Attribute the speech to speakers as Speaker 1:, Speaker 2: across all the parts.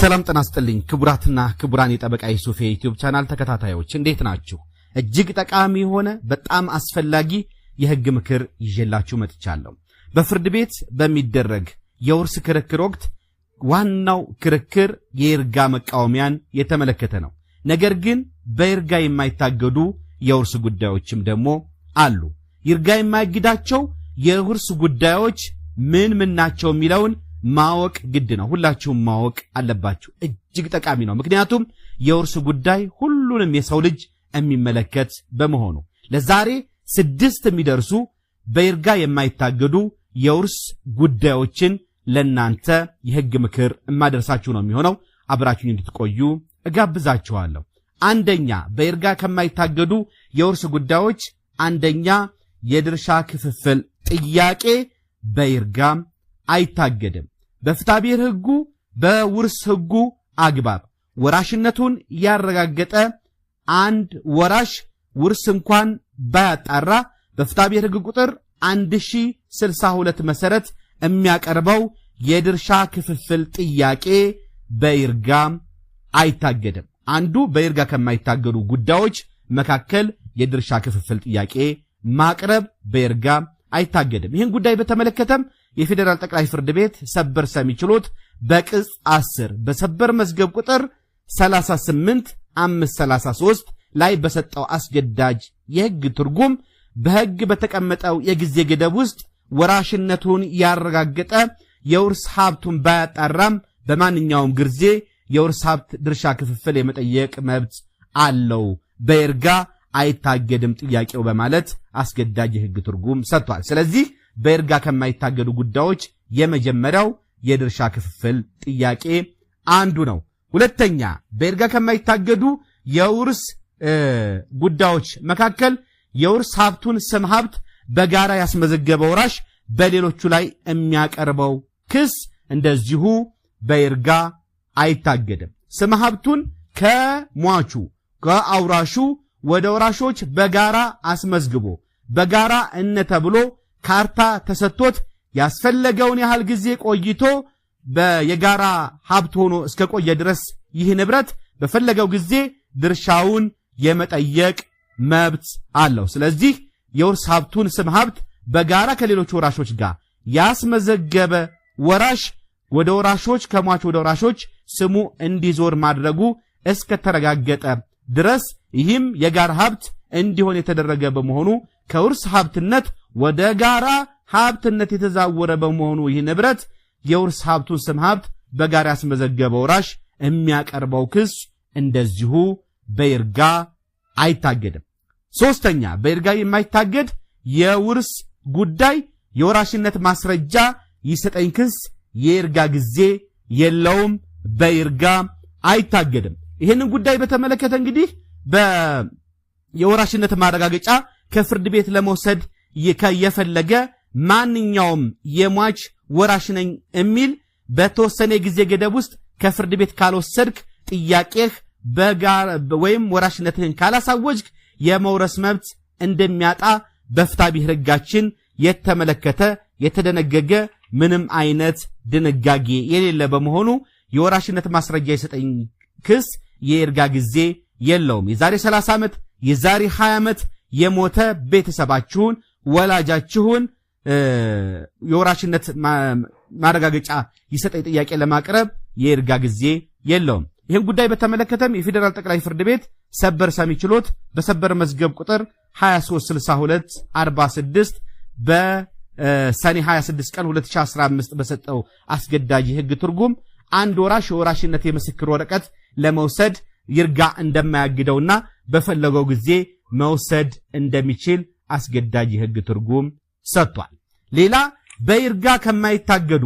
Speaker 1: ሰላም ጤና ይስጥልኝ ክቡራትና ክቡራን የጠበቃ ዩሱፍ የዩትዩብ ቻናል ተከታታዮች እንዴት ናችሁ? እጅግ ጠቃሚ የሆነ በጣም አስፈላጊ የህግ ምክር ይዤላችሁ መጥቻለሁ። በፍርድ ቤት በሚደረግ የውርስ ክርክር ወቅት ዋናው ክርክር የይርጋ መቃወሚያን የተመለከተ ነው። ነገር ግን በይርጋ የማይታገዱ የውርስ ጉዳዮችም ደግሞ አሉ። ይርጋ የማይግዳቸው የውርስ ጉዳዮች ምን ምን ናቸው የሚለውን ማወቅ ግድ ነው። ሁላችሁም ማወቅ አለባችሁ። እጅግ ጠቃሚ ነው። ምክንያቱም የውርስ ጉዳይ ሁሉንም የሰው ልጅ የሚመለከት በመሆኑ ለዛሬ ስድስት የሚደርሱ በይርጋ የማይታገዱ የውርስ ጉዳዮችን ለእናንተ የህግ ምክር የማደርሳችሁ ነው የሚሆነው። አብራችሁን እንድትቆዩ እጋብዛችኋለሁ። አንደኛ በይርጋ ከማይታገዱ የውርስ ጉዳዮች አንደኛ የድርሻ ክፍፍል ጥያቄ በይርጋም አይታገድም። በፍታቤር ሕጉ በውርስ ሕጉ አግባብ ወራሽነቱን ያረጋገጠ አንድ ወራሽ ውርስ እንኳን ባያጣራ በፍታቤር ሕግ ቁጥር 1062 መሰረት የሚያቀርበው የድርሻ ክፍፍል ጥያቄ በይርጋ አይታገድም። አንዱ በይርጋ ከማይታገዱ ጉዳዮች መካከል የድርሻ ክፍፍል ጥያቄ ማቅረብ በይርጋ አይታገድም። ይህን ጉዳይ በተመለከተም የፌዴራል ጠቅላይ ፍርድ ቤት ሰበር ሰሚ ችሎት በቅጽ 10 በሰበር መዝገብ ቁጥር 38 533 ላይ በሰጠው አስገዳጅ የሕግ ትርጉም በሕግ በተቀመጠው የጊዜ ገደብ ውስጥ ወራሽነቱን ያረጋገጠ የውርስ ሀብቱን ባያጣራም በማንኛውም ጊዜ የውርስ ሀብት ድርሻ ክፍፍል የመጠየቅ መብት አለው በይርጋ አይታገድም ጥያቄው በማለት አስገዳጅ የሕግ ትርጉም ሰጥቷል። ስለዚህ በእርጋ ከማይታገዱ ጉዳዮች የመጀመሪያው የድርሻ ክፍፍል ጥያቄ አንዱ ነው። ሁለተኛ በእርጋ ከማይታገዱ የውርስ ጉዳዮች መካከል የውርስ ሀብቱን ስም ሀብት በጋራ ያስመዘገበ ወራሽ በሌሎቹ ላይ የሚያቀርበው ክስ እንደዚሁ በይርጋ አይታገድም። ስም ሀብቱን ከሟቹ ከአውራሹ ወደ ወራሾች በጋራ አስመዝግቦ በጋራ እነ ተብሎ ካርታ ተሰጥቶት ያስፈለገውን ያህል ጊዜ ቆይቶ የጋራ ሀብት ሆኖ እስከቆየ ድረስ ይህ ንብረት በፈለገው ጊዜ ድርሻውን የመጠየቅ መብት አለው። ስለዚህ የውርስ ሀብቱን ስም ሀብት በጋራ ከሌሎች ወራሾች ጋር ያስመዘገበ ወራሽ ወደ ወራሾች ከሟች ወደ ወራሾች ስሙ እንዲዞር ማድረጉ እስከተረጋገጠ ድረስ ይህም የጋራ ሀብት እንዲሆን የተደረገ በመሆኑ ከውርስ ሀብትነት ወደ ጋራ ሀብትነት የተዛወረ በመሆኑ ይህ ንብረት የውርስ ሀብቱን ስም ሀብት በጋራ ያስመዘገበ ወራሽ የሚያቀርበው ክስ እንደዚሁ በይርጋ አይታገድም። ሶስተኛ በይርጋ የማይታገድ የውርስ ጉዳይ የወራሽነት ማስረጃ ይሰጠኝ ክስ የይርጋ ጊዜ የለውም፣ በይርጋ አይታገድም። ይህንን ጉዳይ በተመለከተ እንግዲህ የወራሽነት ማረጋገጫ ከፍርድ ቤት ለመውሰድ የፈለገ ማንኛውም የሟች ወራሽ ነኝ የሚል በተወሰነ ጊዜ ገደብ ውስጥ ከፍርድ ቤት ካልወሰድክ ጥያቄህ ወይም ወራሽነትህን ካላሳወጅክ የመውረስ መብት እንደሚያጣ በፍትሐብሔር ሕጋችን የተመለከተ የተደነገገ ምንም አይነት ድንጋጌ የሌለ በመሆኑ የወራሽነት ማስረጃ የሰጠኝ ክስ የይርጋ ጊዜ የለውም። የዛሬ 30 ዓመት የዛሬ 20 ዓመት የሞተ ቤተሰባችሁን ወላጃችሁን የወራሽነት ማረጋገጫ ይሰጠኝ ጥያቄ ለማቅረብ የይርጋ ጊዜ የለውም። ይህን ጉዳይ በተመለከተም የፌዴራል ጠቅላይ ፍርድ ቤት ሰበር ሰሚ ችሎት በሰበር መዝገብ ቁጥር 2362 46 በሰኔ 26 ቀን 2015 በሰጠው አስገዳጅ የህግ ትርጉም አንድ ወራሽ የወራሽነት የምስክር ወረቀት ለመውሰድ ይርጋ እንደማያግደውና በፈለገው ጊዜ መውሰድ እንደሚችል አስገዳጅ የህግ ትርጉም ሰጥቷል። ሌላ በይርጋ ከማይታገዱ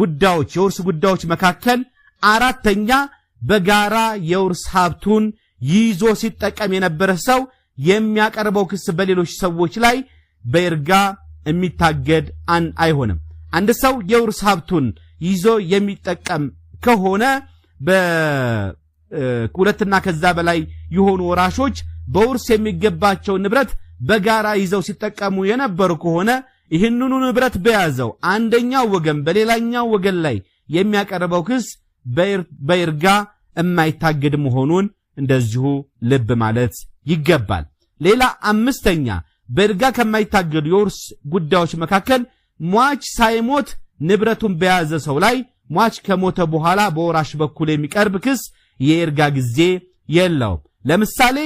Speaker 1: ጉዳዮች የውርስ ጉዳዮች መካከል አራተኛ በጋራ የውርስ ሀብቱን ይዞ ሲጠቀም የነበረ ሰው የሚያቀርበው ክስ በሌሎች ሰዎች ላይ በይርጋ የሚታገድ አይሆንም። አንድ ሰው የውርስ ሀብቱን ይዞ የሚጠቀም ከሆነ ሁለትና ከዛ በላይ የሆኑ ወራሾች በውርስ የሚገባቸው ንብረት በጋራ ይዘው ሲጠቀሙ የነበሩ ከሆነ ይህንኑ ንብረት በያዘው አንደኛው ወገን በሌላኛው ወገን ላይ የሚያቀርበው ክስ በይርጋ የማይታገድ መሆኑን እንደዚሁ ልብ ማለት ይገባል። ሌላ አምስተኛ በይርጋ ከማይታገዱ የውርስ ጉዳዮች መካከል ሟች ሳይሞት ንብረቱን በያዘ ሰው ላይ ሟች ከሞተ በኋላ በወራሽ በኩል የሚቀርብ ክስ የይርጋ ጊዜ የለውም። ለምሳሌ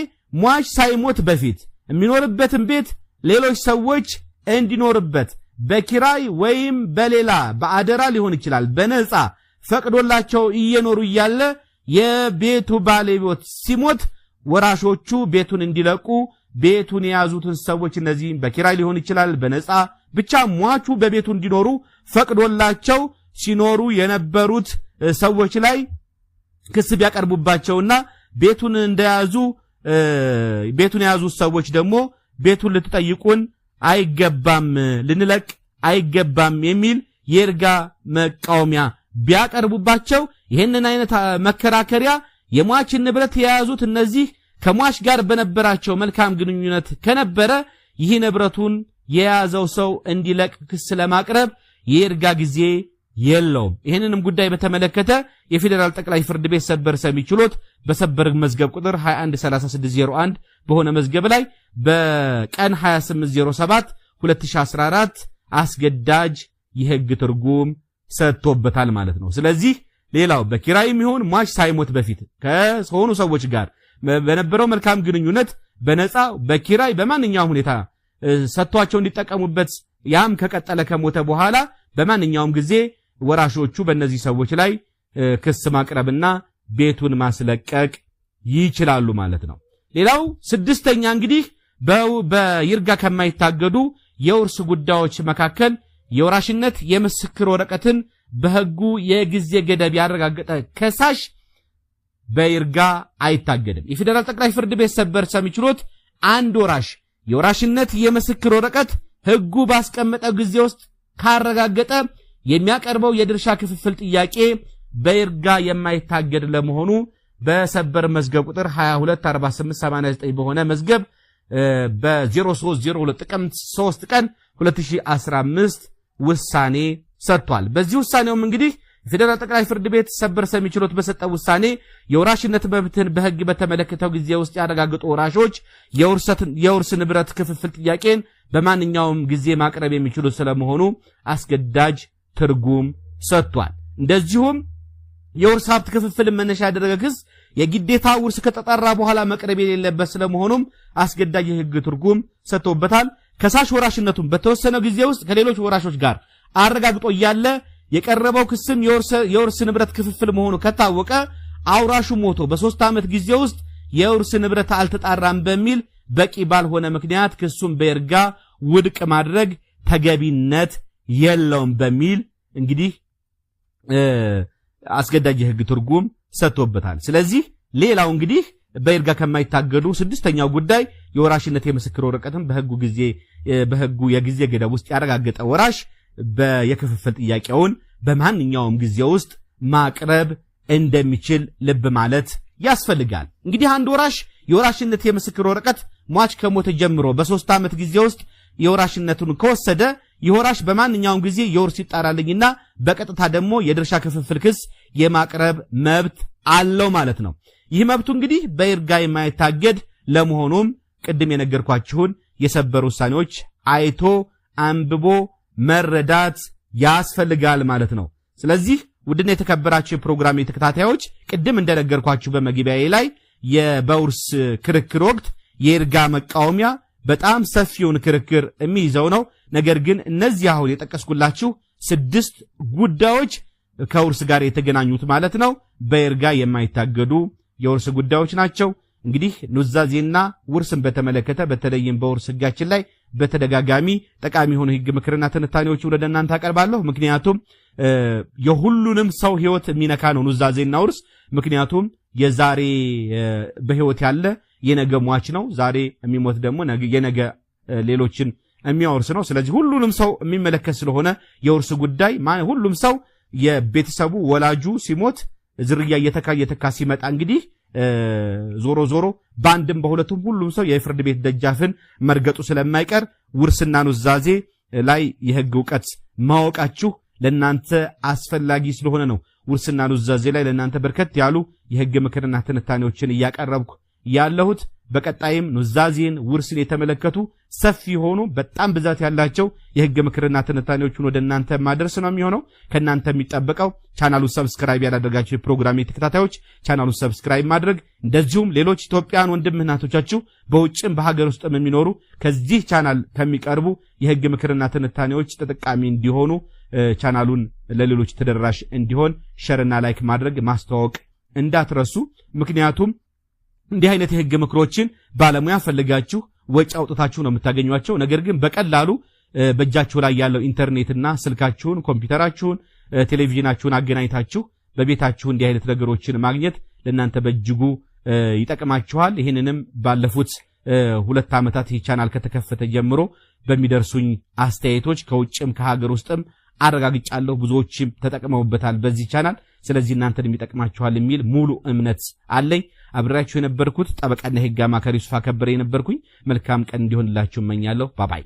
Speaker 1: ሟች ሳይሞት በፊት የሚኖርበትን ቤት ሌሎች ሰዎች እንዲኖርበት በኪራይ ወይም በሌላ በአደራ ሊሆን ይችላል፣ በነፃ ፈቅዶላቸው እየኖሩ እያለ የቤቱ ባለቤት ሲሞት ወራሾቹ ቤቱን እንዲለቁ ቤቱን የያዙትን ሰዎች እነዚህ በኪራይ ሊሆን ይችላል፣ በነፃ ብቻ ሟቹ በቤቱ እንዲኖሩ ፈቅዶላቸው ሲኖሩ የነበሩት ሰዎች ላይ ክስ ቢያቀርቡባቸውና ቤቱን እንደያዙ ቤቱን የያዙት ሰዎች ደግሞ ቤቱን ልትጠይቁን አይገባም፣ ልንለቅ አይገባም የሚል የእርጋ መቃወሚያ ቢያቀርቡባቸው ይህንን አይነት መከራከሪያ የሟችን ንብረት የያዙት እነዚህ ከሟች ጋር በነበራቸው መልካም ግንኙነት ከነበረ ይህ ንብረቱን የያዘው ሰው እንዲለቅ ክስ ለማቅረብ የእርጋ ጊዜ የለውም። ይህንንም ጉዳይ በተመለከተ የፌዴራል ጠቅላይ ፍርድ ቤት ሰበር ሰሚ ችሎት በሰበር መዝገብ ቁጥር 213601 በሆነ መዝገብ ላይ በቀን 2807 2014 አስገዳጅ የህግ ትርጉም ሰጥቶበታል ማለት ነው። ስለዚህ ሌላው በኪራይም ይሁን ሟች ሳይሞት በፊት ከሆኑ ሰዎች ጋር በነበረው መልካም ግንኙነት በነፃ በኪራይ በማንኛውም ሁኔታ ሰጥቷቸው እንዲጠቀሙበት ያም ከቀጠለ ከሞተ በኋላ በማንኛውም ጊዜ ወራሾቹ በእነዚህ ሰዎች ላይ ክስ ማቅረብና ቤቱን ማስለቀቅ ይችላሉ ማለት ነው። ሌላው ስድስተኛ እንግዲህ በይርጋ ከማይታገዱ የውርስ ጉዳዮች መካከል የወራሽነት የምስክር ወረቀትን በሕጉ የጊዜ ገደብ ያረጋገጠ ከሳሽ በይርጋ አይታገድም። የፌዴራል ጠቅላይ ፍርድ ቤት ሰበር ሰሚ ችሎት አንድ ወራሽ የወራሽነት የምስክር ወረቀት ሕጉ ባስቀመጠው ጊዜ ውስጥ ካረጋገጠ የሚያቀርበው የድርሻ ክፍፍል ጥያቄ በይርጋ የማይታገድ ለመሆኑ በሰበር መዝገብ ቁጥር 224889 በሆነ መዝገብ በ0302 ጥቅምት 3 ቀን 2015 ውሳኔ ሰጥቷል። በዚህ ውሳኔውም እንግዲህ የፌዴራል ጠቅላይ ፍርድ ቤት ሰበር ሰሚ ችሎት በሰጠው ውሳኔ የወራሽነት መብትን በሕግ በተመለከተው ጊዜ ውስጥ ያረጋገጡ ወራሾች የውርስ ንብረት ክፍፍል ጥያቄን በማንኛውም ጊዜ ማቅረብ የሚችሉ ስለመሆኑ አስገዳጅ ትርጉም ሰጥቷል። እንደዚሁም የውርስ ሀብት ክፍፍል መነሻ ያደረገ ክስ የግዴታ ውርስ ከተጣራ በኋላ መቅረብ የሌለበት ስለመሆኑም አስገዳጅ የህግ ትርጉም ሰጥቶበታል። ከሳሽ ወራሽነቱን በተወሰነ ጊዜ ውስጥ ከሌሎች ወራሾች ጋር አረጋግጦ እያለ የቀረበው ክስም የውርስ ንብረት ክፍፍል መሆኑ ከታወቀ አውራሹ ሞቶ በሶስት ዓመት ጊዜ ውስጥ የውርስ ንብረት አልተጣራም በሚል በቂ ባልሆነ ምክንያት ክሱን በይርጋ ውድቅ ማድረግ ተገቢነት የለውም በሚል እንግዲህ አስገዳጅ የህግ ትርጉም ሰጥቶበታል። ስለዚህ ሌላው እንግዲህ በይርጋ ከማይታገዱ ስድስተኛው ጉዳይ የወራሽነት የምስክር ወረቀትን በህጉ ጊዜ በህጉ የጊዜ ገደብ ውስጥ ያረጋገጠ ወራሽ የክፍፍል ጥያቄውን በማንኛውም ጊዜ ውስጥ ማቅረብ እንደሚችል ልብ ማለት ያስፈልጋል። እንግዲህ አንድ ወራሽ የወራሽነት የምስክር ወረቀት ሟች ከሞተ ጀምሮ በሶስት ዓመት ጊዜ ውስጥ የወራሽነቱን ከወሰደ የወራሽ በማንኛውም ጊዜ የውርስ ይጣራልኝና በቀጥታ ደግሞ የድርሻ ክፍፍል ክስ የማቅረብ መብት አለው ማለት ነው። ይህ መብቱ እንግዲህ በይርጋ የማይታገድ ለመሆኑም ቅድም የነገርኳችሁን የሰበር ውሳኔዎች አይቶ አንብቦ መረዳት ያስፈልጋል ማለት ነው። ስለዚህ ውድና የተከበራችሁ የፕሮግራም ተከታታዮች ቅድም እንደነገርኳችሁ በመግቢያዬ ላይ በውርስ ክርክር ወቅት የይርጋ መቃወሚያ በጣም ሰፊውን ክርክር የሚይዘው ነው። ነገር ግን እነዚህ አሁን የጠቀስኩላችሁ ስድስት ጉዳዮች ከውርስ ጋር የተገናኙት ማለት ነው በይርጋ የማይታገዱ የውርስ ጉዳዮች ናቸው። እንግዲህ ኑዛዜና ውርስን በተመለከተ በተለይም በውርስ ህጋችን ላይ በተደጋጋሚ ጠቃሚ የሆኑ ህግ ምክርና ትንታኔዎች ወደ እናንተ አቀርባለሁ። ምክንያቱም የሁሉንም ሰው ህይወት የሚነካ ነው ኑዛዜና ውርስ። ምክንያቱም የዛሬ በህይወት ያለ የነገ ሟች ነው። ዛሬ የሚሞት ደግሞ የነገ ሌሎችን የሚያወርስ ነው። ስለዚህ ሁሉንም ሰው የሚመለከት ስለሆነ የውርስ ጉዳይ ሁሉም ሰው የቤተሰቡ ወላጁ ሲሞት ዝርያ እየተካ እየተካ ሲመጣ እንግዲህ ዞሮ ዞሮ በአንድም በሁለቱም ሁሉም ሰው የፍርድ ቤት ደጃፍን መርገጡ ስለማይቀር ውርስና ኑዛዜ ላይ የህግ እውቀት ማወቃችሁ ለእናንተ አስፈላጊ ስለሆነ ነው። ውርስና ኑዛዜ ላይ ለእናንተ በርከት ያሉ የህግ ምክርና ትንታኔዎችን እያቀረብኩ ያለሁት። በቀጣይም ኑዛዜን፣ ውርስን የተመለከቱ ሰፊ የሆኑ በጣም ብዛት ያላቸው የህግ ምክርና ትንታኔዎችን ወደ እናንተ ማድረስ ነው የሚሆነው። ከእናንተ የሚጠበቀው ቻናሉ ሰብስክራይብ ያላደረጋችሁ የፕሮግራም ተከታታዮች ቻናሉ ሰብስክራይብ ማድረግ፣ እንደዚሁም ሌሎች ኢትዮጵያን ወንድም እህቶቻችሁ በውጭም በሀገር ውስጥም የሚኖሩ ከዚህ ቻናል ከሚቀርቡ የህግ ምክርና ትንታኔዎች ተጠቃሚ እንዲሆኑ ቻናሉን ለሌሎች ተደራሽ እንዲሆን ሸርና ላይክ ማድረግ ማስተዋወቅ እንዳትረሱ ምክንያቱም እንዲህ አይነት የህግ ምክሮችን ባለሙያ ፈልጋችሁ ወጪ አውጥታችሁ ነው የምታገኟቸው። ነገር ግን በቀላሉ በእጃችሁ ላይ ያለው ኢንተርኔትና ስልካችሁን፣ ኮምፒውተራችሁን፣ ቴሌቪዥናችሁን አገናኝታችሁ በቤታችሁ እንዲህ አይነት ነገሮችን ማግኘት ለእናንተ በእጅጉ ይጠቅማችኋል። ይህንንም ባለፉት ሁለት ዓመታት ይህ ቻናል ከተከፈተ ጀምሮ በሚደርሱኝ አስተያየቶች ከውጭም ከሀገር ውስጥም አረጋግጫለሁ። ብዙዎችም ተጠቅመውበታል በዚህ ቻናል። ስለዚህ እናንተን የሚጠቅማችኋል የሚል ሙሉ እምነት አለኝ። አብሬያችሁ የነበርኩት ጠበቃና የህግ አማካሪ ዩሱፍ ከበረ የነበርኩኝ። መልካም ቀን እንዲሆንላችሁ እመኛለሁ። ባባይ